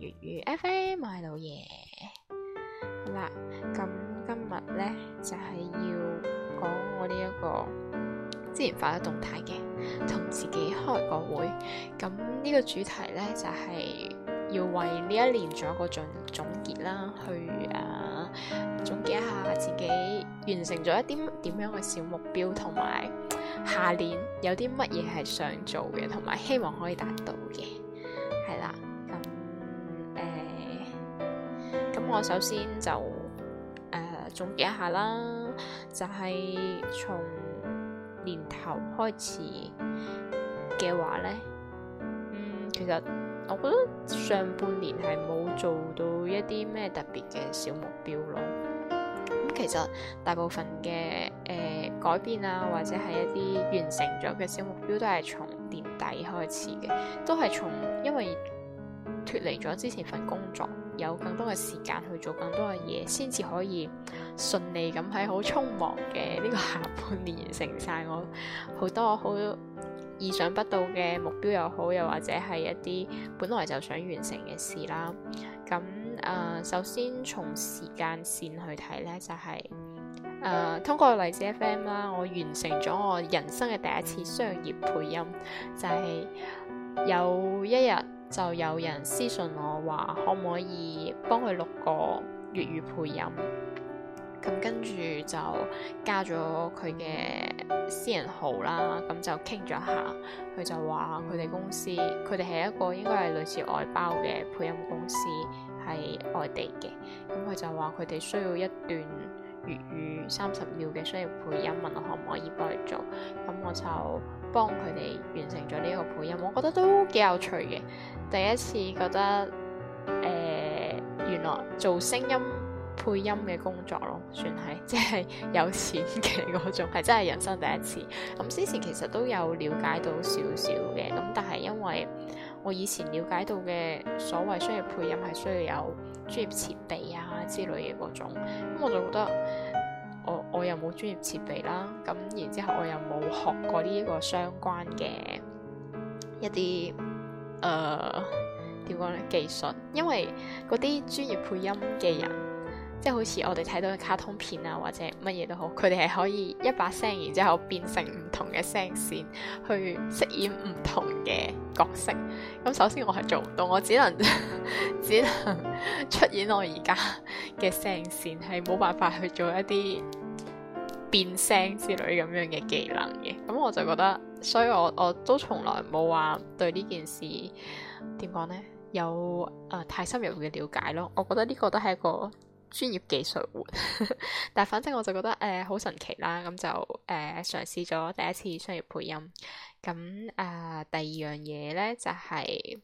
粵語 FM，我係老爺。好啦，咁今日咧就係要講我呢一個之前發咗動態嘅，同自己開個會。咁呢個主題咧就係要為呢一年做一個總總結啦，去啊總結一下自己完成咗一啲點樣嘅小目標，同埋下年有啲乜嘢係想做嘅，同埋希望可以達到嘅，係啦。我首先就誒、呃、總結一下啦，就係、是、從年頭開始嘅話咧，嗯，其實我覺得上半年係冇做到一啲咩特別嘅小目標咯。咁、嗯、其實大部分嘅誒、呃、改變啊，或者係一啲完成咗嘅小目標，都係從年底開始嘅，都係從因為脫離咗之前份工作。有更多嘅時間去做更多嘅嘢，先至可以順利咁喺好匆忙嘅呢、這個下半年完成晒我好多好意想不到嘅目標又好，又或者係一啲本來就想完成嘅事啦。咁誒、呃，首先從時間線去睇呢，就係、是、誒、呃、通過荔枝 FM 啦，我完成咗我人生嘅第一次商業配音，就係、是、有一日。就有人私信我話可唔可以幫佢錄個粵語配音，咁跟住就加咗佢嘅私人號啦，咁就傾咗下，佢就話佢哋公司，佢哋係一個應該係類似外包嘅配音公司喺外地嘅，咁佢就話佢哋需要一段。粵語三十秒嘅商業配音，問我可唔可以幫你做？咁我就幫佢哋完成咗呢一個配音，我覺得都幾有趣嘅。第一次覺得誒、呃，原來做聲音配音嘅工作咯，算係即係有錢嘅嗰種，係真係人生第一次。咁之前其實都有了解到少少嘅，咁但係因為我以前了解到嘅所謂商業配音係需要有。專業設備啊之類嘅嗰種，咁、嗯、我就覺得我我又冇專業設備啦，咁然之後我又冇學過呢一個相關嘅一啲誒點講咧技術，因為嗰啲專業配音嘅人。即係好似我哋睇到嘅卡通片啊，或者乜嘢都好，佢哋係可以一把聲，然之後變成唔同嘅聲線去飾演唔同嘅角色。咁首先我係做唔到，我只能 只能出演我而家嘅聲線，係冇辦法去做一啲變聲之類咁樣嘅技能嘅。咁我就覺得，所以我我都從來冇話對呢件事點講呢？有誒、呃、太深入嘅了解咯。我覺得呢個都係一個。專業技術活， 但反正我就覺得誒好、呃、神奇啦，咁就誒、呃、嘗試咗第一次商業配音。咁誒、呃、第二樣嘢呢，就係、是、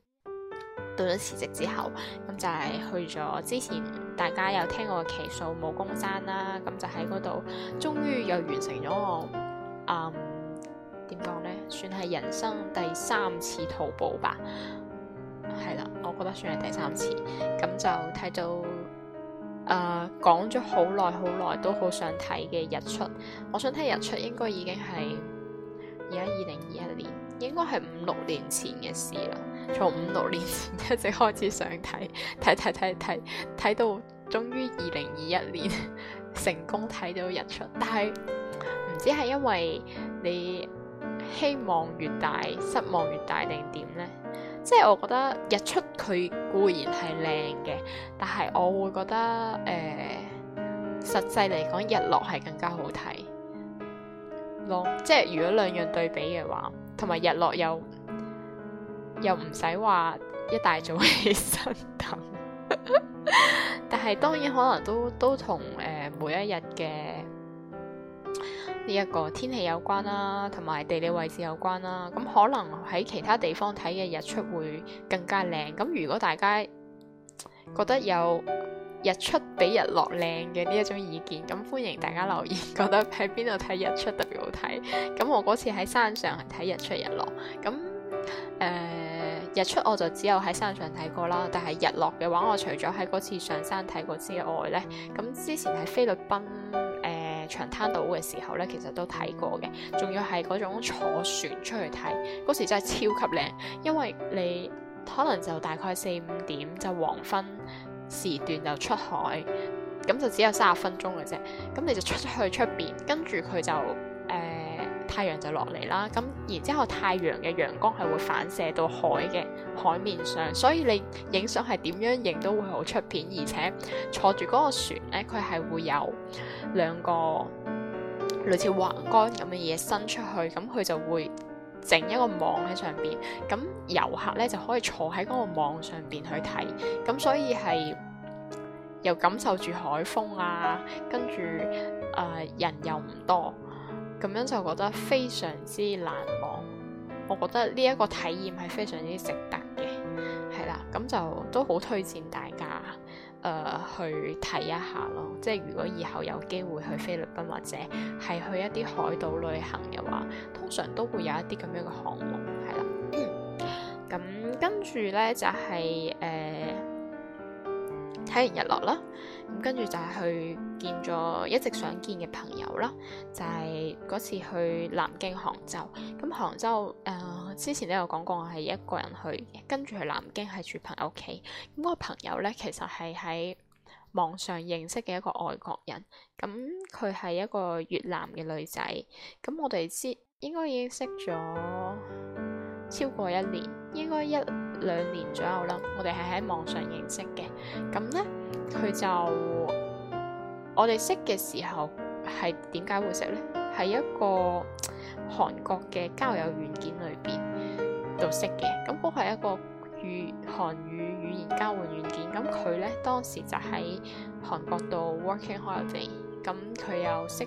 到咗辭職之後，咁就係去咗之前大家有聽過嘅奇數武功山啦，咁就喺嗰度，終於又完成咗我誒點講呢，算係人生第三次徒步吧。係啦，我覺得算係第三次。咁就睇到。誒，uh, 講咗好耐好耐，都好想睇嘅日出。我想睇日出，應該已經係而家二零二一年，應該係五六年前嘅事啦。從五六年前一直 開始想睇，睇睇睇睇睇到終於二零二一年 成功睇到日出，但係唔知係因為你希望越大，失望越大定點呢？即係我覺得日出佢固然係靚嘅，但係我會覺得誒、呃，實際嚟講日落係更加好睇咯、嗯。即係如果兩樣對比嘅話，同埋日落又又唔使話一大早起身等， 但係當然可能都都同誒、呃、每一日嘅。呢一個天氣有關啦，同埋地理位置有關啦。咁可能喺其他地方睇嘅日出會更加靚。咁如果大家覺得有日出比日落靚嘅呢一種意見，咁歡迎大家留言，覺得喺邊度睇日出特別好睇。咁我嗰次喺山上係睇日出日落。咁誒、呃、日出我就只有喺山上睇過啦，但係日落嘅話，我除咗喺嗰次上山睇過之外呢，咁之前喺菲律賓。長灘島嘅時候咧，其實都睇過嘅，仲要係嗰種坐船出去睇，嗰時真係超級靚，因為你可能就大概四五點就黃昏時段就出海，咁就只有三十分鐘嘅啫，咁你就出去出邊，跟住佢就。太陽就落嚟啦，咁然之後太陽嘅陽光係會反射到海嘅海面上，所以你影相係點樣影都會好出片。而且坐住嗰個船呢，佢係會有兩個類似橫杆咁嘅嘢伸出去，咁佢就會整一個網喺上邊，咁遊客呢，就可以坐喺嗰個網上邊去睇，咁所以係又感受住海風啊，跟住誒、呃、人又唔多。咁樣就覺得非常之難忘，我覺得呢一個體驗係非常之值得嘅，係啦，咁就都好推薦大家誒、呃、去睇一下咯。即係如果以後有機會去菲律賓或者係去一啲海島旅行嘅話，通常都會有一啲咁樣嘅項目，係啦。咁跟住呢，就係、是、誒。呃睇完日落啦，咁跟住就係去見咗一直想見嘅朋友啦。就係、是、嗰次去南京、杭州，咁杭州誒、呃、之前都有講過，我係一個人去，跟住去南京係住朋友屋企。咁、那個朋友呢，其實係喺網上認識嘅一個外國人，咁佢係一個越南嘅女仔。咁我哋知應該已經識咗超過一年，應該一。兩年左右啦，我哋係喺網上認識嘅，咁呢，佢就我哋識嘅時候係點解會識呢？係一個韓國嘅交友軟件裏邊度識嘅。咁嗰係一個粵韓語語言交換軟件，咁佢呢當時就喺韓國度 working holiday，咁佢又識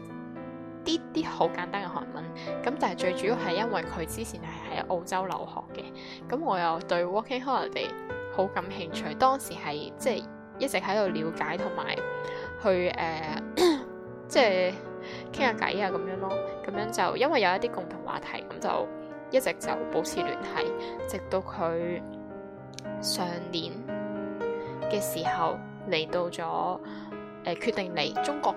啲啲好簡單嘅韓文，咁但係最主要係因為佢之前係喺澳洲留學嘅，咁我又對 Walking Holiday 好感興趣，當時係即係一直喺度了解同埋去誒即係傾下偈啊咁樣咯，咁樣就因為有一啲共同話題，咁就一直就保持聯繫，直到佢上年嘅時候嚟到咗誒、呃、決定嚟中國。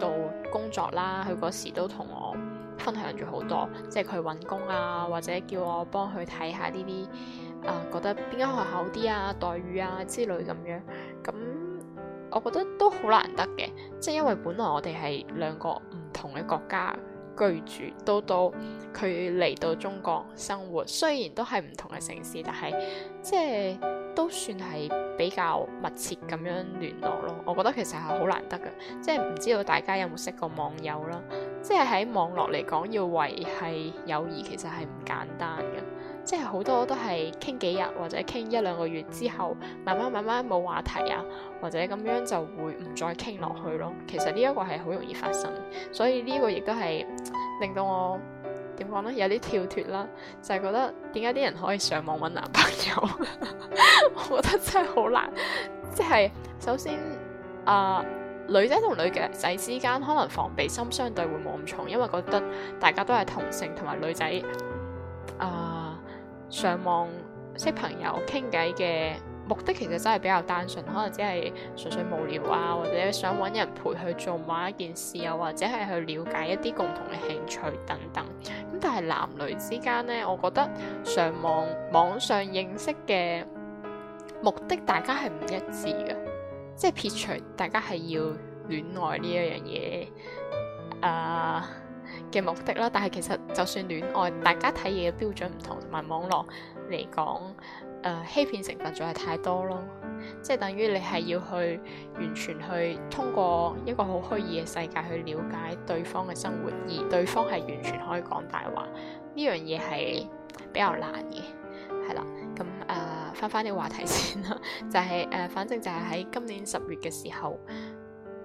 到工作啦，佢嗰時都同我分享咗好多，即係佢揾工啊，或者叫我幫佢睇下呢啲啊，覺得邊間學校好啲啊，待遇啊之類咁樣，咁我覺得都好難得嘅，即係因為本來我哋係兩個唔同嘅國家。居住都到佢嚟到中國生活，雖然都係唔同嘅城市，但係即係都算係比較密切咁樣聯絡咯。我覺得其實係好難得嘅，即係唔知道大家有冇識過網友啦。即係喺網絡嚟講要維繫友誼其實係唔簡單嘅，即係好多都係傾幾日或者傾一兩個月之後慢慢慢慢冇話題啊，或者咁樣就會唔再傾落去咯。其實呢一個係好容易發生，所以呢個亦都係。令到我點講呢？有啲跳脫啦，就係覺得點解啲人可以上網揾男朋友？ 我覺得真係好難，即係首先啊、呃，女仔同女嘅仔之間可能防備心相對會冇咁重，因為覺得大家都係同性，同埋女仔啊，上網識朋友傾偈嘅。目的其實真係比較單純，可能只係純粹無聊啊，或者想揾人陪佢做某一件事，啊，或者係去了解一啲共同嘅興趣等等。咁但係男女之間呢，我覺得上網網上認識嘅目的，大家係唔一致嘅，即係撇除大家係要戀愛呢一樣嘢啊嘅目的啦。但係其實就算戀愛，大家睇嘢嘅標準唔同，同埋網絡嚟講。誒、呃、欺騙成分仲係太多咯，即係等於你係要去完全去通過一個好虛擬嘅世界去了解對方嘅生活，而對方係完全可以講大話，呢樣嘢係比較難嘅，係啦。咁誒返返啲話題先啦，就係、是、誒、呃，反正就係喺今年十月嘅時候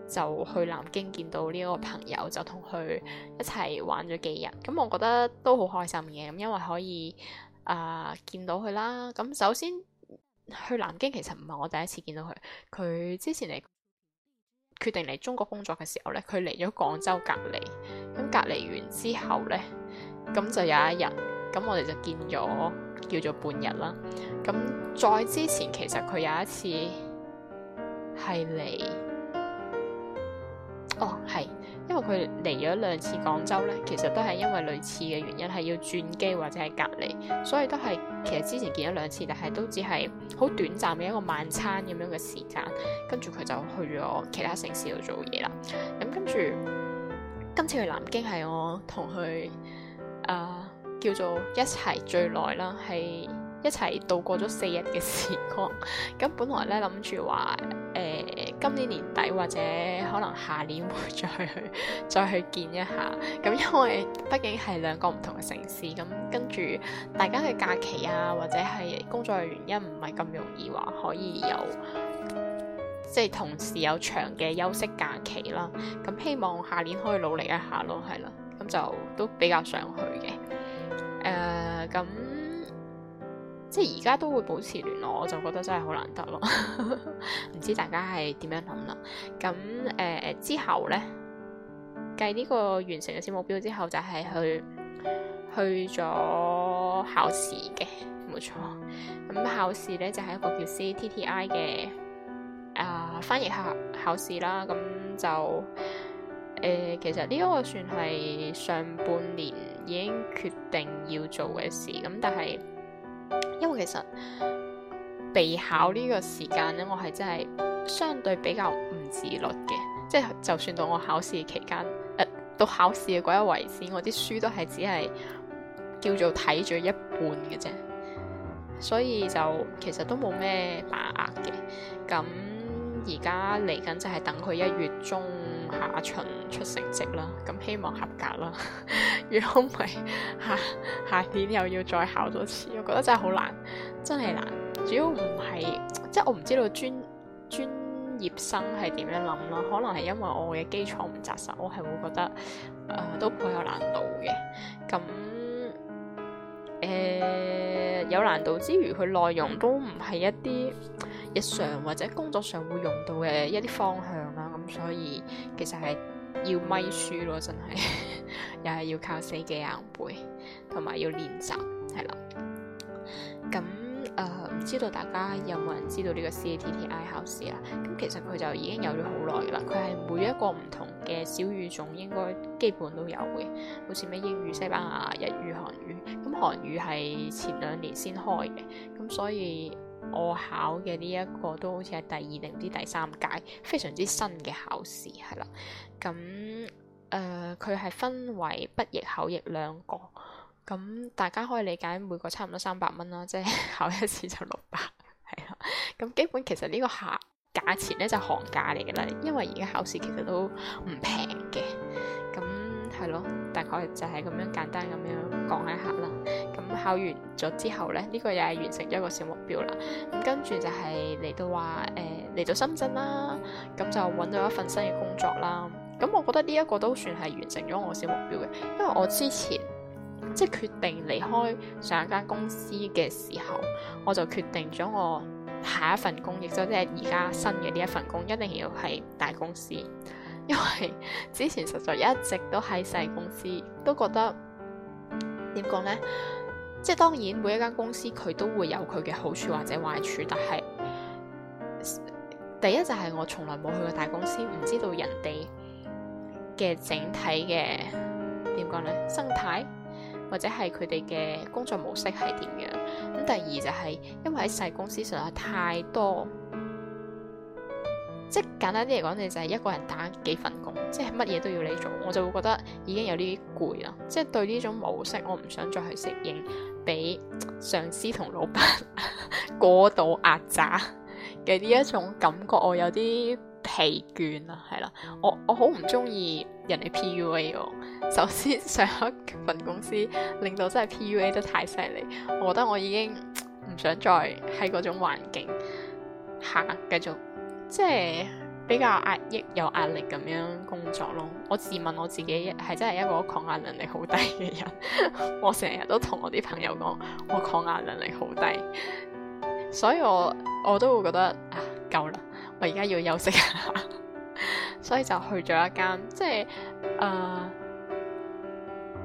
就去南京見到呢個朋友，就同佢一齊玩咗幾日，咁我覺得都好開心嘅，咁因為可以。啊！Uh, 見到佢啦，咁首先去南京其實唔係我第一次見到佢，佢之前嚟決定嚟中國工作嘅時候咧，佢嚟咗廣州隔離，咁隔離完之後咧，咁就有一日，咁我哋就見咗叫做半日啦，咁再之前其實佢有一次係嚟，哦係。因為佢嚟咗兩次廣州呢，其實都係因為類似嘅原因，係要轉機或者係隔離，所以都係其實之前見咗兩次，但係都只係好短暫嘅一個晚餐咁樣嘅時間，跟住佢就去咗其他城市度做嘢啦。咁、嗯、跟住今次去南京係我同佢啊叫做一齊最耐啦，係一齊度過咗四日嘅時光。咁、嗯、本來呢，諗住話誒。呃今年年底或者可能下年會再去再去見一下，咁因為畢竟係兩個唔同嘅城市，咁跟住大家嘅假期啊，或者係工作嘅原因，唔係咁容易話可以有即係、就是、同時有長嘅休息假期啦。咁希望下年可以努力一下咯，係啦，咁就都比較想去嘅，誒、呃、咁。即係而家都會保持聯絡，我就覺得真係好難得咯。唔 知大家係點樣諗啦？咁誒、呃、之後咧，計呢個完成嘅小目標之後，就係、是、去去咗考試嘅，冇錯。咁考試咧就係、是、一個叫 CATTI 嘅啊、呃、翻譯考考試啦。咁就誒、呃，其實呢一個算係上半年已經決定要做嘅事，咁但係。因為其實備考呢個時間咧，我係真係相對比較唔自律嘅，即係就算到我考試期間，誒、呃，到考試嘅嗰日為止，我啲書都係只係叫做睇咗一半嘅啫，所以就其實都冇咩把握嘅。咁而家嚟緊就係等佢一月中。下旬出成績啦，咁希望合格啦。如果唔係下下年又要再考多次，我覺得真係好難，真係難。主要唔係，即係我唔知道專專業生係點樣諗咯。可能係因為我嘅基礎唔紮實，我係會覺得誒、呃、都頗有難度嘅。咁誒、呃、有難度之餘，佢內容都唔係一啲。日常或者工作上會用到嘅一啲方向啦，咁所以其實係要咪書咯，真係，又 係要靠死記硬背，同埋要練習，係啦。咁誒，唔、呃、知道大家有冇人知道呢個 CATTI 考試啊？咁其實佢就已經有咗好耐噶啦，佢係每一個唔同嘅小語種應該基本都有嘅，好似咩英語、西班牙、日語、韓語。咁韓語係前兩年先開嘅，咁所以。我考嘅呢一個都好似係第二定唔知第三屆，非常之新嘅考試係啦，咁誒佢係分為筆譯口譯兩個，咁大家可以理解每個差唔多三百蚊啦，即係考一次就六百係啦，咁基本其實個價呢個價價錢咧就行價嚟嘅啦，因為而家考試其實都唔平嘅，咁係咯，大概就係咁樣簡單咁樣講一下啦。咁考完咗之後咧，呢個又係完成咗一個小目標啦。咁跟住就係嚟到話誒嚟到深圳啦，咁就搵到一份新嘅工作啦。咁我覺得呢一個都算係完成咗我小目標嘅，因為我之前即係決定離開上一間公司嘅時候，我就決定咗我下一份工，亦即係而家新嘅呢一份工一定要係大公司，因為之前實在一直都喺細公司，都覺得點講呢？即係當然，每一間公司佢都會有佢嘅好處或者壞處。但係第一就係我從來冇去過大公司，唔知道人哋嘅整體嘅，點講咧，生態，或者係佢哋嘅工作模式係點樣。咁第二就係因為喺細公司實在太多。即係簡單啲嚟講，你就係一個人打幾份工，即係乜嘢都要你做，我就會覺得已經有啲攰啦。即係對呢種模式，我唔想再去適應，俾上司同老闆 過度壓榨嘅呢一種感覺，我有啲疲倦啦。係啦，我我好唔中意人哋 PUA 我，哦。首先上一份公司令到真係 PUA 得太犀利，我覺得我已經唔想再喺嗰種環境下繼續。即係比較壓抑，有壓力咁樣工作咯。我自問我自己係真係一個抗壓能力好低嘅人， 我成日都同我啲朋友講我抗壓能力好低，所以我我都會覺得啊，夠啦，我而家要休息下， 所以就去咗一間，即係誒。呃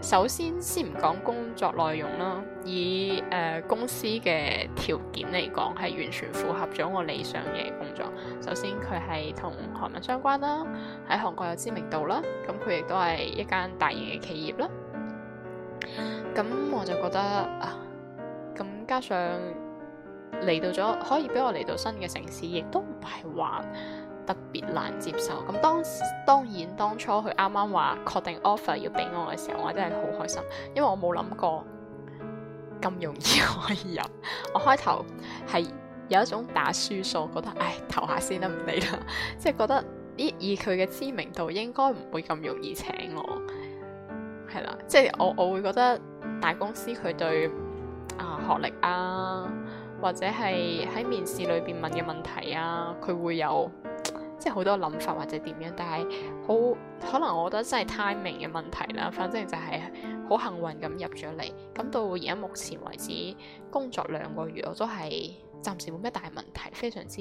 首先先唔講工作內容啦，以誒、呃、公司嘅條件嚟講，係完全符合咗我理想嘅工作。首先佢係同韓文相關啦，喺韓國有知名度啦，咁佢亦都係一間大型嘅企業啦。咁我就覺得啊，咁加上嚟到咗，可以俾我嚟到新嘅城市，亦都唔係話，特別難接受咁，當當然當初佢啱啱話確定 offer 要俾我嘅時候，我真係好開心，因為我冇諗過咁容易可以入，啊。 我開頭係有一種打輸數，覺得唉投下先啦，唔理啦，即係覺得咦以佢嘅知名度，應該唔會咁容易請我係啦。即係我我會覺得大公司佢對啊學歷啊或者係喺面試裏邊問嘅問題啊，佢會有。即係好多諗法或者點樣，但係好可能我覺得真係 timing 嘅問題啦。反正就係好幸運咁入咗嚟，咁到而家目前為止工作兩個月，我都係暫時冇咩大問題，非常之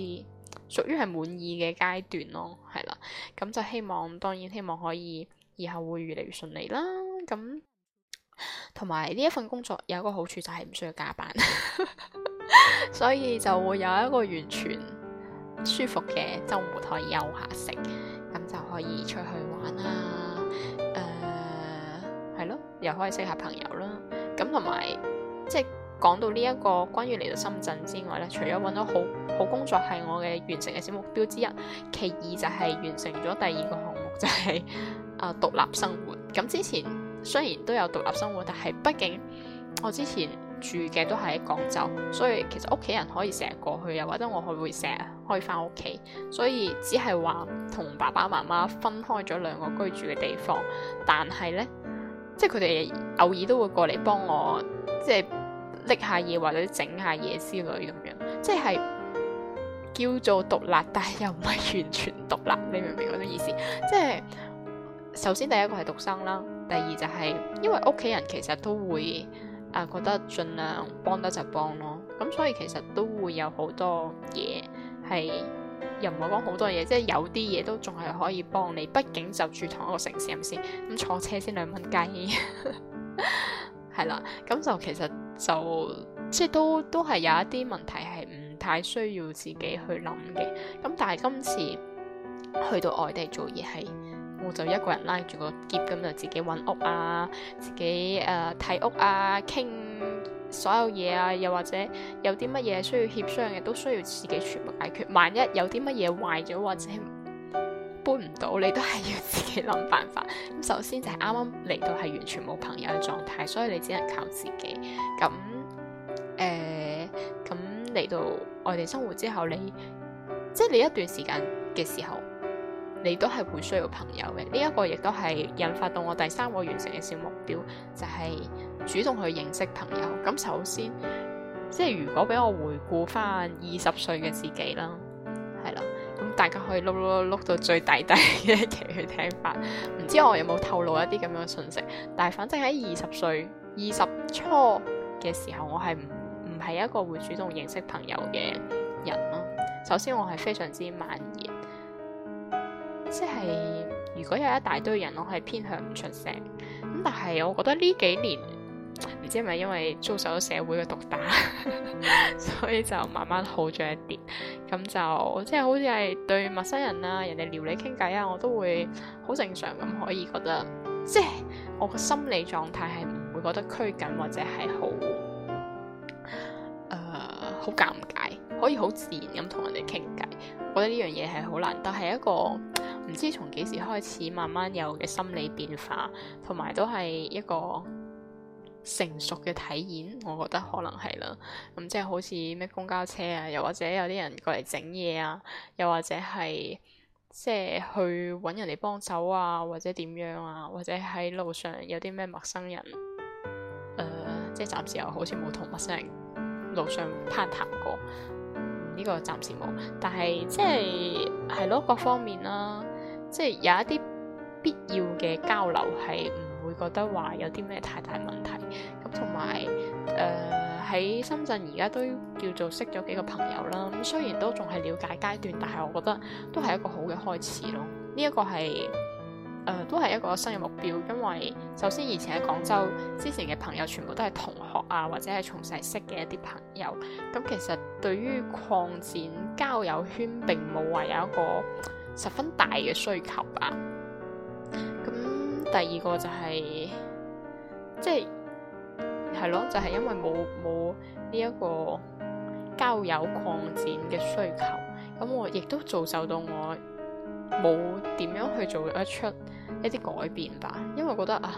屬於係滿意嘅階段咯，係啦。咁就希望，當然希望可以以後會越嚟越順利啦。咁同埋呢一份工作有一個好處就係唔需要加班， 所以就會有一個完全。舒服嘅周末可以休下食，咁就可以出去玩啦。誒、呃，係咯，又可以識下朋友啦。咁同埋即係講到呢一個關於嚟到深圳之外咧，除咗揾到好好工作係我嘅完成嘅小目標之一，其二就係完成咗第二個項目，就係、是、啊、呃、獨立生活。咁之前雖然都有獨立生活，但係畢竟我之前。住嘅都係喺廣州，所以其實屋企人可以成日過去，又或者我會會成日開返屋企，所以只係話同爸爸媽媽分開咗兩個居住嘅地方，但係呢，即係佢哋偶爾都會過嚟幫我，即係拎下嘢或者整下嘢之類咁樣，即係叫做獨立，但係又唔係完全獨立，你明唔明我嘅意思？即係首先第一個係獨生啦，第二就係、是、因為屋企人其實都會。啊，覺得盡量幫得就幫咯，咁所以其實都會有好多嘢係，又唔係講好多嘢，即係有啲嘢都仲係可以幫你，畢竟就住同一個城市，係咪先？咁坐車先兩蚊雞，係 啦， 咁就其實就即係都都係有一啲問題係唔太需要自己去諗嘅，咁但係今次去到外地做嘢係。我就一個人拉住個喼咁就自己搵屋啊，自己誒睇、呃、屋啊，傾所有嘢啊，又或者有啲乜嘢需要協商嘅，都需要自己全部解決。萬一有啲乜嘢壞咗或者搬唔到，你都係要自己諗辦法。咁首先就係啱啱嚟到係完全冇朋友嘅狀態，所以你只能靠自己。咁誒，咁、呃、嚟到外地生活之後，你即係、即係、你一段時間嘅時候。你都係會需要朋友嘅，呢、這、一個亦都係引發到我第三個完成嘅小目標，就係、是、主動去認識朋友。咁首先，即係如果俾我回顧翻二十歲嘅自己啦，係啦，咁大家可以碌碌碌碌到最底底嘅一期去聽法。唔知我有冇透露一啲咁樣嘅信息，但係反正喺二十歲二十初嘅時候，我係唔唔係一個會主動認識朋友嘅人咯。首先我係非常之慢。即係如果有一大堆人，我係偏向唔出聲咁。但係我覺得呢幾年唔知係咪因為遭受咗社會嘅毒打， 所以就慢慢好咗一啲。咁就即係好似係對陌生人啦，啊，人哋撩你傾偈啊，我都會好正常咁可以覺得，即係我個心理狀態係唔會覺得拘謹或者係好誒好尷尬，可以好自然咁同人哋傾偈。我覺得呢樣嘢係好難，但係一個。唔知從幾時開始，慢慢有嘅心理變化，同埋都係一個成熟嘅體驗，我覺得可能係啦。咁、嗯、即係好似咩公交車啊，又或者有啲人過嚟整嘢啊，又或者係即係去揾人嚟幫手啊，或者點樣啊，或者喺路上有啲咩陌生人，誒、呃，即係暫時又好似冇同陌生人路上攀談過，呢、嗯這個暫時冇。但係即係係咯，各方面啦、啊。即係有一啲必要嘅交流，係唔會覺得話有啲咩太大問題。咁同埋誒喺深圳而家都叫做識咗幾個朋友啦。咁雖然都仲係了解階段，但係我覺得都係一個好嘅開始咯。呢、這、一個係誒、呃、都係一個新嘅目標，因為首先以前喺廣州之前嘅朋友全部都係同學啊，或者係從細識嘅一啲朋友。咁其實對於擴展交友圈並冇話有，有一個。十分大嘅需求吧。咁第二個就係，即係係咯，就係因為冇冇呢一個交友擴展嘅需求，咁我亦都造就到我冇點樣去做得出一啲改變吧。因為我覺得啊，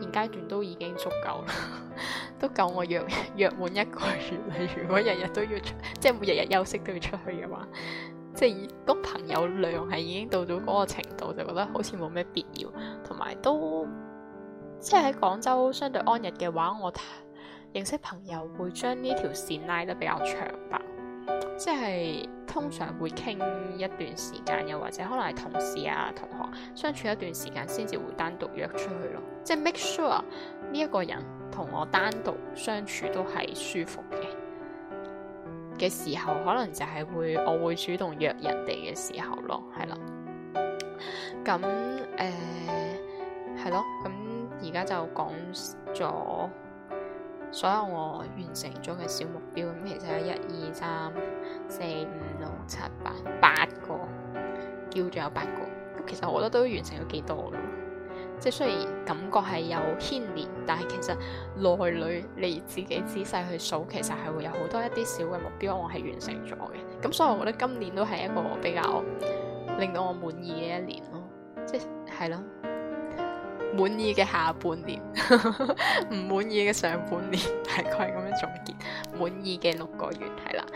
現階段都已經足夠啦， 都夠我約約滿一個月。你如果日日都要出，即係每日日休息都要出去嘅話。即係都朋友量係已經到咗嗰個程度，就覺得好似冇咩必要，同埋都即係喺廣州相對安逸嘅話，我認識朋友會將呢條線拉得比較長吧。即係通常會傾一段時間，又或者可能係同事啊、同學相處一段時間先至會單獨約出去咯。即係 make sure 呢一個人同我單獨相處都係舒服嘅。嘅時候可能就係會，我會主動約人哋嘅時候咯，係啦，咁誒，係、呃、咯，咁而家就講咗所有我完成咗嘅小目標。咁其實係一、二、三、四、五、六、七、八，八個叫做有八個，咁其實我覺得都完成咗幾多即雖然感覺係有牽連，但係其實內裏你自己仔細去數，其實係會有好多一啲小嘅目標，我係完成咗嘅。咁所以我覺得今年都係一個比較令到我滿意嘅一年咯。即係咯，滿意嘅下半年，唔 滿意嘅上半年，大概係咁樣總結。滿意嘅六個月係啦，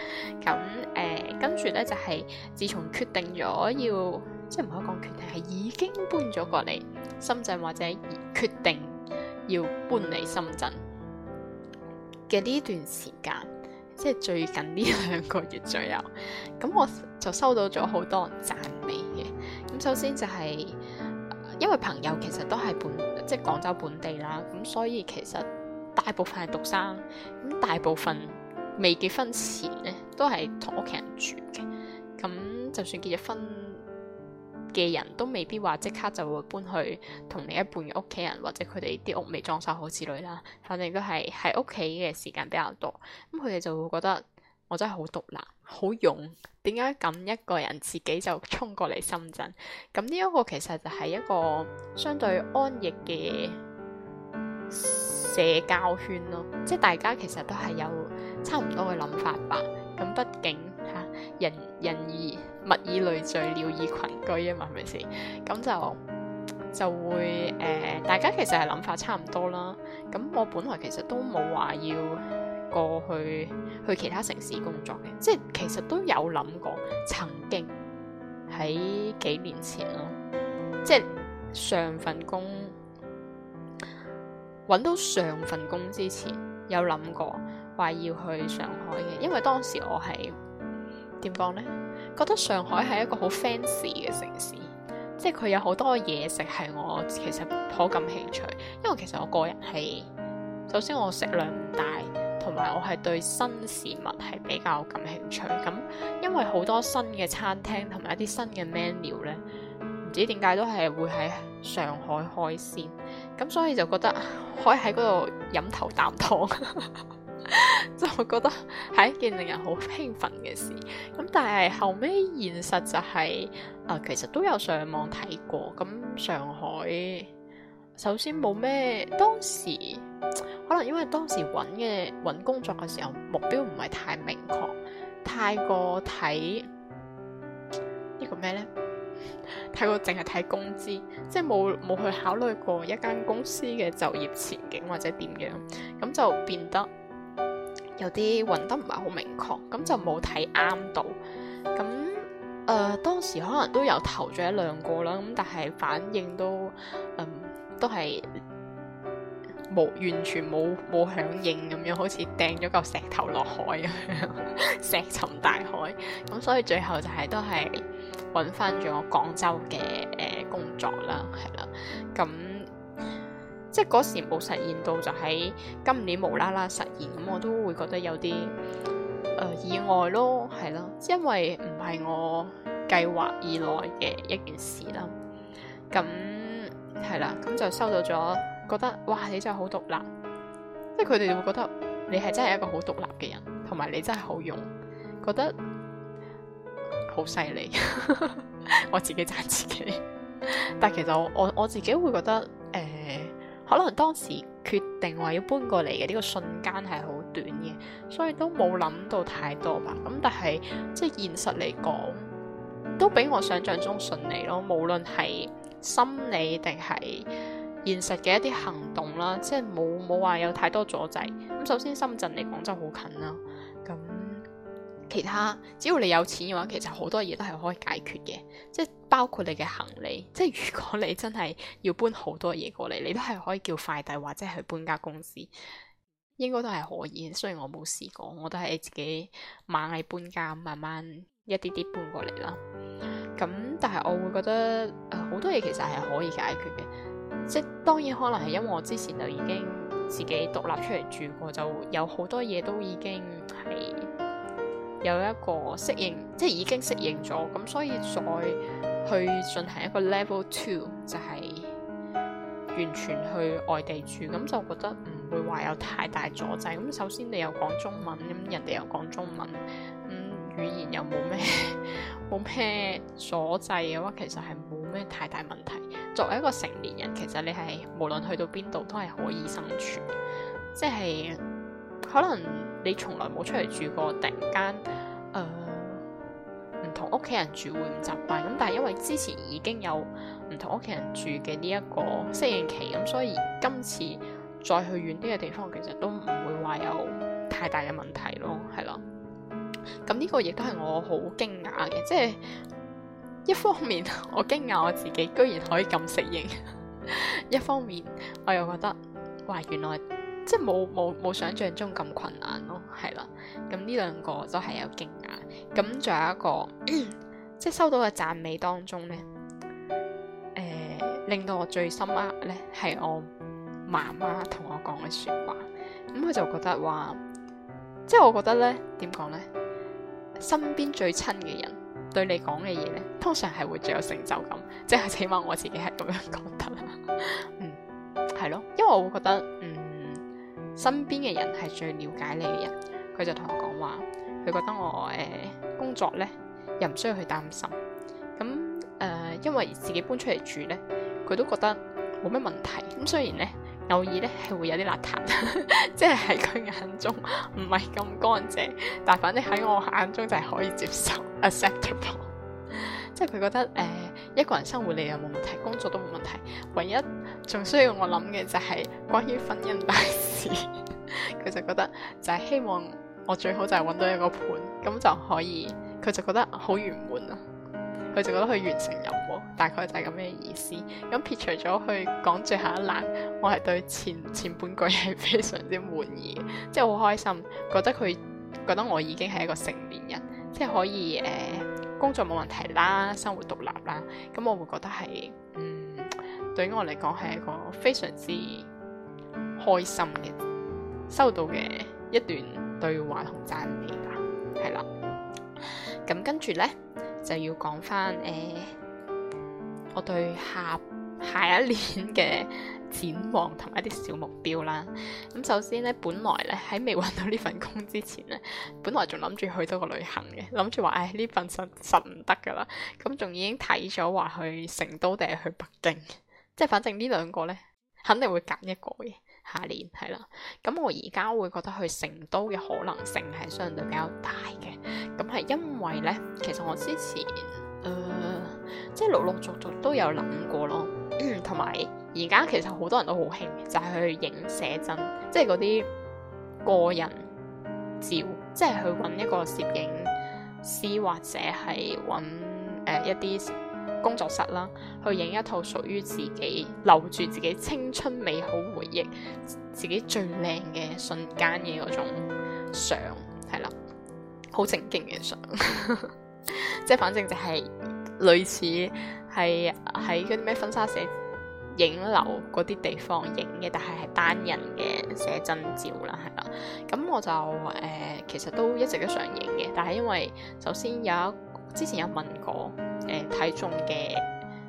咁誒。呃跟住咧就係、是、自從決定咗要，即係唔可以講決定，係已經搬咗過嚟深圳或者決定要搬嚟深圳嘅呢段時間，即係最近呢兩個月左右，咁我就收到咗好多人讚美嘅。咁首先就係、是、因為朋友其實都係本即係廣州本地啦，咁所以其實大部分係獨生，咁大部分未結婚前咧。都係同屋企人住嘅，咁就算結咗婚嘅人都未必話即刻就會搬去同另一半嘅屋企人，或者佢哋啲屋未裝修好之類啦。反正都係喺屋企嘅時間比較多，咁佢哋就會覺得我真係好獨立、好勇。點解咁一個人自己就衝過嚟深圳？咁呢一個其實就係一個相對安逸嘅社交圈咯，即係大家其實都係有差唔多嘅諗法吧。咁畢竟嚇、啊，人人以物以類聚，鳥以群居啊嘛，係咪先？咁就就會誒、呃，大家其實係諗法差唔多啦。咁我本來其實都冇話要過去去其他城市工作嘅，即係其實都有諗過，曾經喺幾年前囉，即係上份工揾到上份工之前有諗過。話要去上海嘅，因為當時我係點講呢？覺得上海係一個好 fancy 嘅城市，即係佢有好多嘢食係我其實頗感興趣。因為其實我個人係首先我食量唔大，同埋我係對新事物係比較感興趣。咁因為好多新嘅餐廳同埋一啲新嘅 menu 呢，唔知點解都係會喺上海開先。咁所以就覺得可以喺嗰度飲頭啖湯。 即係我覺得係一件令人好興奮嘅事咁，但係後尾現實就係、是、誒、呃，其實都有上網睇過咁上海。首先冇咩，當時可能因為當時搵嘅，搵工作嘅時候目標唔係太明確，太過睇呢，這個咩呢？太過淨係睇工資，即係冇冇去考慮過一間公司嘅就業前景或者點樣咁就變得。有啲混得唔係好明確，咁就冇睇啱到，咁誒、呃、當時可能都有投咗一兩個啦，咁但係反應都誒、呃、都係冇完全冇冇響應咁樣，好似掟咗個石頭落海咁，石沉大海，咁所以最後就係、是、都係搵返咗廣州嘅誒工作啦，係啦，咁。即係嗰時冇實現到，就喺今年無啦啦實現咁，我都會覺得有啲誒、呃、意外咯，係啦，因為唔係我計劃以內嘅一件事啦。咁係啦，咁就收到咗，覺得哇，你真係好獨立，即係佢哋會覺得你係真係一個好獨立嘅人，同埋你真係好勇。覺得好犀利。 我自己讚自己， 但係其實我我我自己會覺得誒。呃可能當時決定話要搬過嚟嘅呢個瞬間係好短嘅，所以都冇諗到太多吧。咁但係即係現實嚟講，都比我想像中順利咯。無論係心理定係現實嘅一啲行動啦，即係冇冇話有太多阻滯。咁首先深圳離廣州好近啦，咁。其他只要你有錢嘅話，其實好多嘢都係可以解決嘅，即係包括你嘅行李。即係如果你真係要搬好多嘢過嚟，你都係可以叫快遞或者去搬家公司，應該都係可以。雖然我冇試過，我都係自己螞蟻搬家，慢慢一啲啲搬過嚟啦。咁但係我會覺得好多嘢其實係可以解決嘅。即係當然可能係因為我之前就已經自己獨立出嚟住過，就有好多嘢都已經係。有一個適應，即係已經適應咗，咁所以再去進行一個 level two，就係完全去外地住，咁就覺得唔會話有太大阻滯。咁首先你又講中文，咁人哋又講中文，咁語言又冇咩冇咩阻滯嘅話，其實係冇咩太大問題。作為一個成年人，其實你係無論去到邊度都係可以生存，即係可能。你從來冇出嚟住過，突然間，誒、呃，唔同屋企人住會唔習慣？咁但係因為之前已經有唔同屋企人住嘅呢一個適應期，咁、嗯、所以今次再去遠啲嘅地方，其實都唔會話有太大嘅問題咯，係咯？咁呢個亦都係我好驚訝嘅，即係一方面 我驚訝我自己居然可以咁適應， 一方面我又覺得，哇，原來。即係冇冇冇想象中咁困難咯，係啦。咁呢兩個都係有驚訝。咁仲有一個，即係收到嘅讚美當中咧，誒、呃、令到我最深刻咧係我媽媽同我講嘅說話。咁佢就覺得話，即係我覺得咧點講咧，身邊最親嘅人對你講嘅嘢咧，通常係會最有成就感。即係起碼我自己係咁樣覺得啦。嗯，係咯，因為我會覺得嗯。身邊嘅人係最了解你嘅人，佢就同我講話，佢覺得我誒、呃、工作呢，又唔需要去擔心，咁誒、呃、因為自己搬出嚟住呢，佢都覺得冇咩問題。咁雖然呢，偶爾呢係會有啲邋遢，即係喺佢眼中唔係咁乾淨，但係反正喺我眼中就係可以接受，acceptable。即係佢覺得誒、呃、一個人生活你又冇問題，工作都冇問題，唯一，仲需要我諗嘅就係關於婚姻大事， 佢就覺得就係希望我最好就係揾到一個伴，咁就可以，佢就覺得好圓滿啦。佢就覺得佢完成任務，大概就係咁嘅意思。咁撇除咗佢講最後一欄，我係對前前半句係非常之滿意嘅，即係好開心，覺得佢覺得我已經係一個成年人，即係可以誒、呃、工作冇問題啦，生活獨立啦，咁我會覺得係嗯。對於我嚟講係一個非常之開心嘅收到嘅一段對話同讚美啦，係啦。咁跟住咧就要講翻誒，我對下下一年嘅展望同一啲小目標啦。咁首先咧，本來咧喺未搵到呢份工之前咧，本來仲諗住去多個旅行嘅，諗住話誒呢份實實唔得噶啦。咁仲已經睇咗話去成都定係去北京。.即係反正兩呢兩個咧，肯定會揀一個嘅。下年係啦，咁我而家會覺得去成都嘅可能性係相對比較大嘅。咁係因為咧，其實我之前，誒、呃，即係陸陸續續都有諗過咯。同埋而家其實好多人都好興，就係、是、去影寫真，即係嗰啲個人照，即係去揾一個攝影師或者係揾誒一啲。工作室啦，去影一套屬於自己留住自己青春美好回憶，自己最靚嘅瞬間嘅嗰種相，係啦，好正經嘅相， 即係反正就係類似係喺嗰啲咩婚紗攝影樓嗰啲地方影嘅，但係係單人嘅寫真照啦，係啦。咁我就誒、呃，其實都一直都想影嘅，但係因為首先有一之前有問過。誒，睇中嘅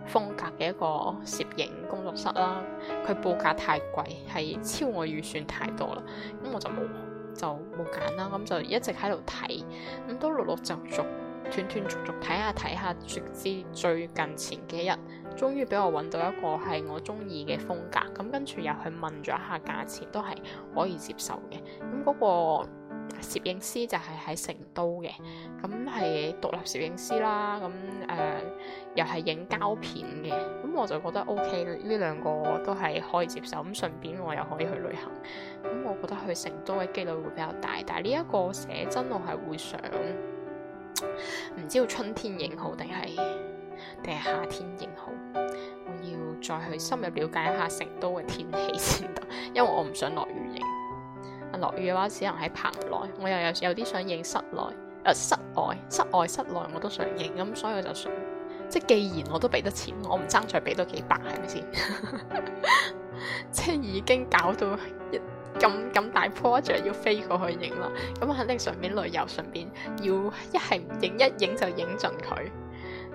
風格嘅一個攝影工作室啦，佢報價太貴，係超我預算太多啦，咁我就冇就冇揀啦，咁就一直喺度睇，咁都陸陸續續斷斷續續睇下睇下，直至最近前幾日，終於俾我揾到一個係我中意嘅風格，咁跟住又去問咗一下價錢，都係可以接受嘅，咁嗰個。攝影師就係喺成都嘅，咁係獨立攝影師啦，咁誒、呃、又係影膠片嘅，咁我就覺得 OK 呢兩個都係可以接受，咁、嗯、順便我又可以去旅行，咁我覺得去成都嘅機率會比較大，但係呢一個寫真我係會想，唔知道春天影好定係定係夏天影好，我要再去深入了解一下成都嘅天氣先得，因為我唔想落雨影。落雨嘅話，只能喺棚內。我又有有啲想影室內，誒、呃，室外，室外，室內我都想影，咁所以我就想，即係既然我都俾得錢，我唔爭在俾多幾百，係咪先？ 即係已經搞到咁咁大 project 要飛過去影啦，咁肯定順便旅遊，順便要，要一係唔影一影就影盡佢，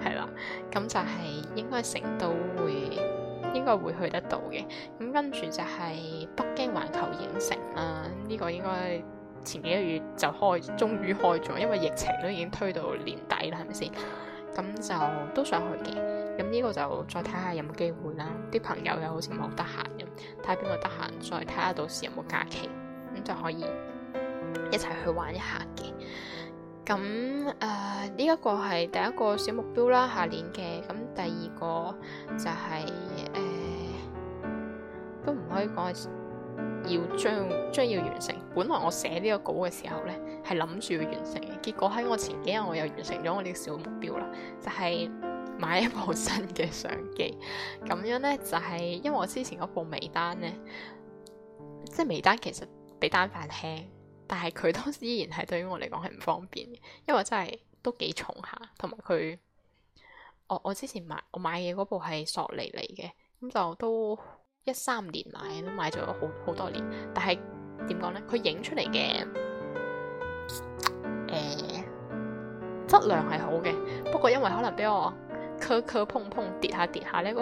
係啦，咁就係應該成都會。應該會去得到嘅，咁跟住就係北京環球影城啦，呢個應該前幾個月就開，終於開咗，因爲疫情都已經推到年底啦，係咪先？咁就都想去嘅，咁呢個就再睇下有冇機會啦。啲朋友又好似冇得閒咁，睇下邊個得閒，再睇下到時有冇假期，咁就可以一齊去玩一下嘅。咁誒，呢一、呃這個係第一個小目標啦，下年嘅。咁第二個就係、是、誒、呃，都唔可以講係要將將要完成。本來我寫呢個稿嘅時候咧，係諗住要完成嘅。結果喺我前幾日，我又完成咗我呢個小目標啦，就係、是、買一部新嘅相機。咁樣咧就係、是、因為我之前嗰部微單咧，即係微單其實比單反輕。但係佢當時依然係對於我嚟講係唔方便嘅，因為真係都幾重下，同埋佢我我之前買我買嘅嗰部係索尼嚟嘅，咁就都一三年買都買咗好好多年。但係點講呢？佢影出嚟嘅誒質量係好嘅，不過因為可能俾我磕磕碰碰跌下跌下呢嗰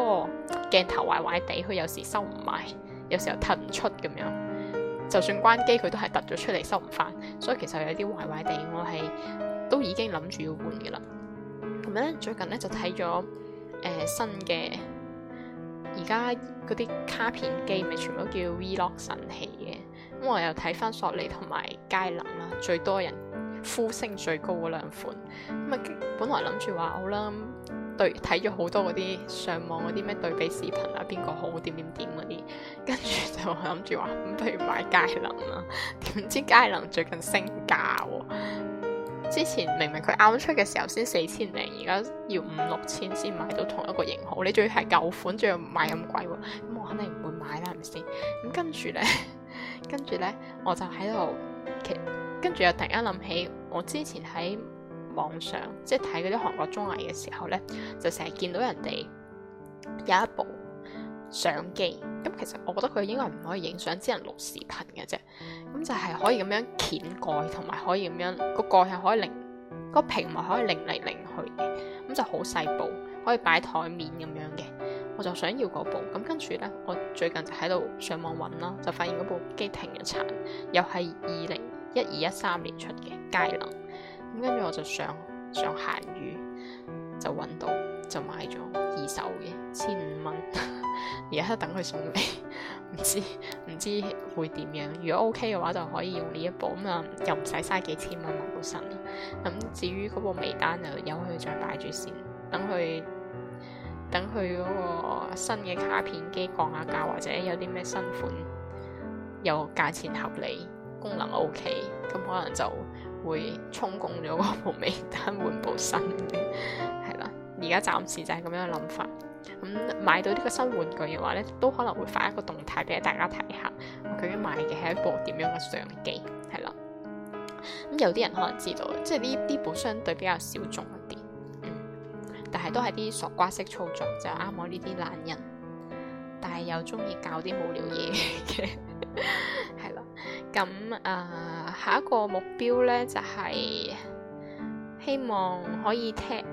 個鏡頭壞壞地，佢有時收唔埋，有時候褪唔出咁樣。就算關機佢都係凸咗出嚟收唔翻，所以其實有啲壞壞地，我係都已經諗住要換嘅啦。咁樣最近咧就睇咗誒新嘅，而家嗰啲卡片機咪全部都叫 Vlog 神器嘅。咁、嗯、我又睇翻索尼同埋佳能啦，最多人呼聲最高嗰兩款。咁、嗯、啊本來諗住話好啦。對，睇咗好多嗰啲上網嗰啲咩對比視頻啊，邊個好點點點嗰啲，跟住就諗住話，不如買佳能啦。點知佳能最近升價喎，啊，之前明明佢啱出嘅時候先四千零，而家要五六千先買到同一個型號，你仲要係舊款，仲要賣咁貴，咁我肯定唔會買啦，係咪先？咁跟住咧，跟住咧，我就喺度，其實跟住又突然間諗起我之前喺。網上即係睇嗰啲韓國綜藝嘅時候呢，就成日見到人哋有一部相機，咁其實我覺得佢應該唔可以影相，只能錄視頻嘅啫。咁就係可以咁樣掀蓋，同埋可以咁樣、個蓋係可以擰，個屏幕可以擰嚟擰去嘅，咁就好細部，可以擺台面咁樣嘅。我就想要嗰部，咁跟住呢，我最近就喺度上網揾啦，就發現嗰部機停咗產，又係二零一二一三年出嘅佳能。跟住我就上上閒魚，就揾到，就買咗二手嘅，千五蚊，而家 等佢送嚟，唔 知唔知會點樣？如果 OK 嘅話就可以用呢一部，咁啊又唔使嘥幾千蚊買部新。咁至於嗰部微單就由佢再擺住先，等佢等佢嗰個新嘅卡片機降下價，或者有啲咩新款又價錢合理。功能 O.K. 咁可能就會充公咗嗰部微單，換部新嘅係啦。而家暫時就係咁樣嘅諗法。咁買到呢個新玩具嘅話咧，都可能會發一個動態俾大家睇下，我究竟買嘅係一部點樣嘅相機係啦。咁有啲人可能知道，即係呢呢部相對比較小眾一啲，嗯，但係都係啲傻瓜式操作，就啱我呢啲懶人，但係又中意搞啲冇料嘢嘅。 咁誒、呃，下一個目標咧就係、是、希望可以聽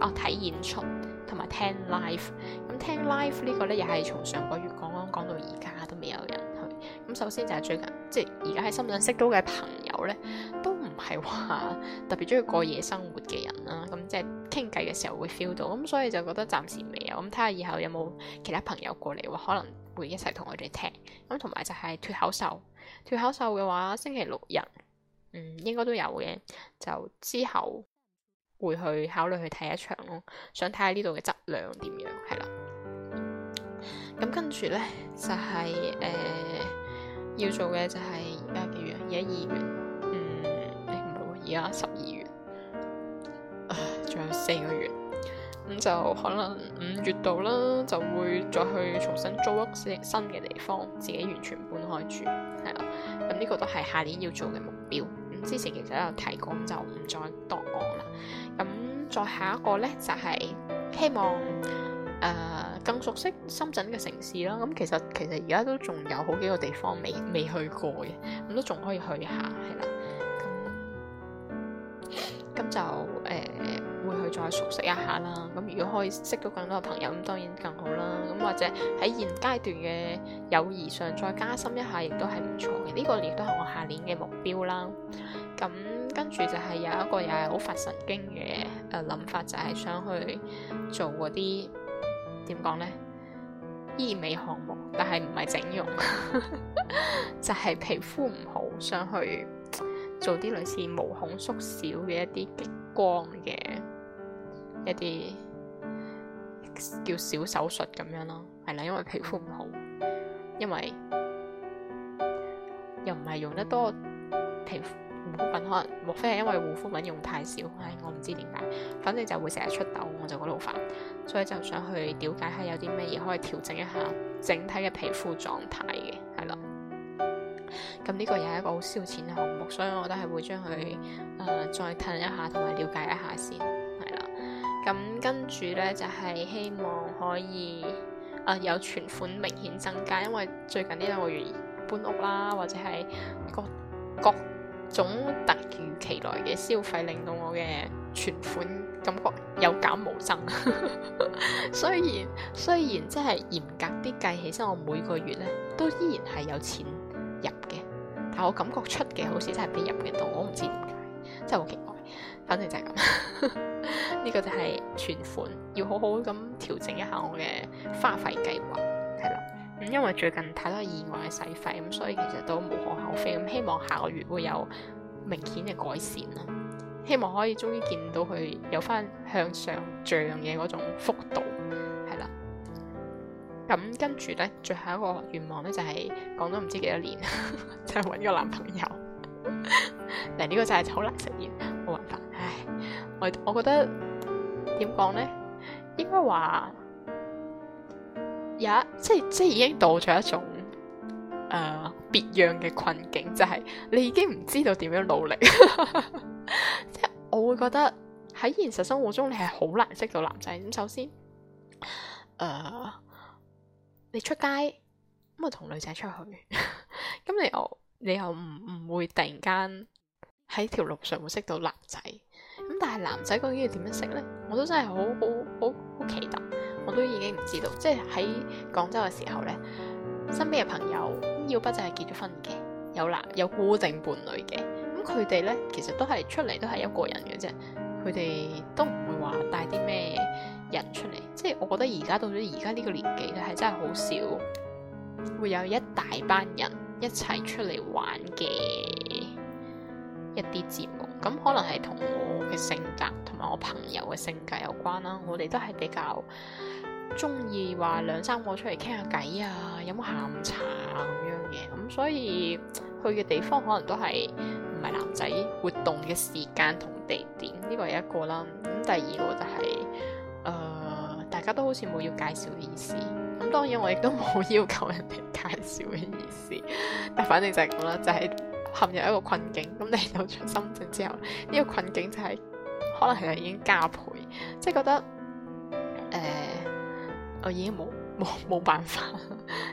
哦睇演出，同埋聽 live。咁聽 live 呢個咧，又係從上個月講講到而家都未有人去。咁首先就係最近即係而家喺深圳識到嘅朋友咧，都唔係話特別中意過夜生活嘅人啦、啊。咁即係傾偈嘅時候會 feel 到，咁所以就覺得暫時未有。咁睇下以後有冇其他朋友過嚟，話可能會一齊同我哋聽。咁同埋就係脫口秀。脫口秀嘅話，星期六日，嗯，應該都有嘅，就之後會去考慮去睇一場咯，想睇下呢度嘅質量點樣，係啦。咁、嗯、跟住咧就係、是、誒、呃，要做嘅就係而家幾月？而家二月，嗯，誒唔係喎，而家十二月，啊，仲有四個月。咁就可能五月度啦，就會再去重新租一個新嘅地方，自己完全搬開住，係啦。咁呢個都係下年要做嘅目標。咁之前其實有提過，就唔再多講啦。咁再下一個呢，就係、是、希望誒、呃、更熟悉深圳嘅城市啦。咁其實其實而家都仲有好幾個地方未未去過嘅，咁都仲可以去下，係啦。咁就誒。呃再熟悉一下啦，咁如果可以識到更多嘅朋友，咁當然更好啦。咁或者喺現階段嘅友誼上再加深一下，亦都係唔錯嘅。呢個亦都係我下年嘅目標啦。咁跟住就係有一個又係好發神經嘅誒諗法，就、呃、係想去做嗰啲點講呢？醫美項目，但係唔係整容， 就係皮膚唔好，想去做啲類似毛孔縮小嘅一啲激光嘅。一啲叫小手術咁樣咯，係啦，因為皮膚唔好，因為又唔係用得多皮膚護膚品，可能莫非係因為護膚品用太少？唉、哎，我唔知點解，反正就會成日出痘，我就覺得好煩，所以就想去了解下有啲咩嘢可以調整一下整體嘅皮膚狀態嘅，係啦。咁呢個又係一個好燒錢嘅項目，所以我都係會將佢誒再褪一下同埋了解一下先。咁、嗯、跟住呢，就係、是、希望可以，啊、呃、有存款明顯增加，因為最近呢兩個月搬屋啦，或者係各各種突如其來嘅消費，令到我嘅存款感覺有減無增。 雖然雖然即係嚴格啲計起身，我每個月呢都依然係有錢入嘅，但我感覺出嘅好似真係比入嘅多，我唔知點解，真係好奇怪。反正就係咁，呢個就係存款，要好好咁調整一下我嘅花費計劃，係啦。咁因為最近太多意外嘅使費，咁所以其實都無可厚非。咁希望下個月會有明顯嘅改善啦，希望可以終於見到佢有翻向上漲嘅嗰種幅度，係啦。咁跟住咧，最後一個願望咧就係、是、講咗唔知幾多年， 就係搵個男朋友。嗱，呢 個就係好難實現，冇辦法。唉，我我覺得點講呢？應該話有一，即係即係已經到咗一種誒別樣嘅困境，就係、是、你已經唔知道點樣努力。 即係我會覺得喺現實生活中你係好難識到男仔。咁首先，誒、呃，你出街咁啊同女仔出去，咁 你我你又唔唔會突然間喺條路上會識到男仔，咁、嗯、但係男仔究竟要點樣識呢？我都真係好好好好期待，我都已經唔知道。即係喺廣州嘅時候呢，身邊嘅朋友，要不就係結咗婚嘅，有男有固定伴侶嘅，咁佢哋呢，其實都係出嚟都係一個人嘅啫，佢哋都唔會話帶啲咩人出嚟。即係我覺得而家到咗而家呢個年紀，係、就係、真係好少會有一大班人。一齊出嚟玩嘅一啲節目，咁可能係同我嘅性格同埋我朋友嘅性格有關啦。我哋都係比較中意話兩三個出嚟傾下偈啊，飲下午茶啊咁樣嘅。咁所以去嘅地方可能都係唔係男仔活動嘅時間同地點，呢個係一個啦。咁第二個就係，誒，大家都好似冇要介紹嘅意思。咁當然，我亦都冇要求人哋介紹嘅意思。但反正就係咁啦，就係陷入一個困境。咁你到出深圳之後，呢個困境就係可能係已經加倍，即係覺得誒，我已經冇冇冇辦法。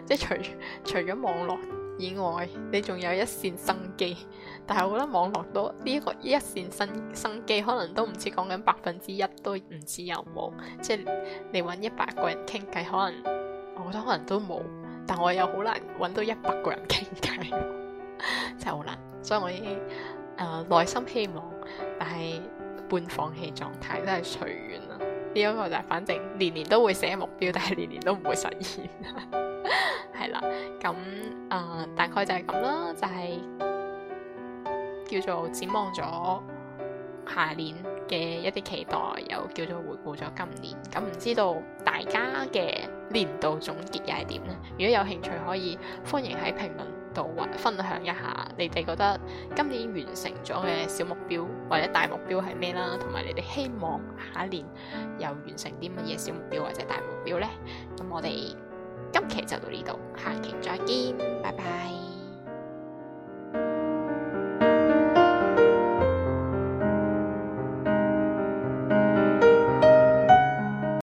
即係除除咗網絡以外，你仲有一線生機。但係，我覺得網絡都呢一個一線生生機，可能都唔知講緊百分之一都唔知有冇。即係你揾一百個人傾偈，可能～好多人都冇，但我又好難揾到一百個人傾偈， 真係好難。所以我已經誒內、呃、心希望，但係半放棄狀態，都係隨緣啦。呢一個就係反正年年都會寫目標，但係年年都唔會實現。係 啦， 咁誒、呃、大概就係咁啦，就係、是、叫做展望咗下年嘅一啲期待，又叫做回顧咗今年。咁唔知道大家嘅。年度總結又係點呢？如果有興趣，可以歡迎喺評論度或分享一下你哋覺得今年完成咗嘅小目標或者大目標係咩啦，同埋你哋希望下一年又完成啲乜嘢小目標或者大目標呢？咁我哋今期就到呢度，下期再見，拜拜。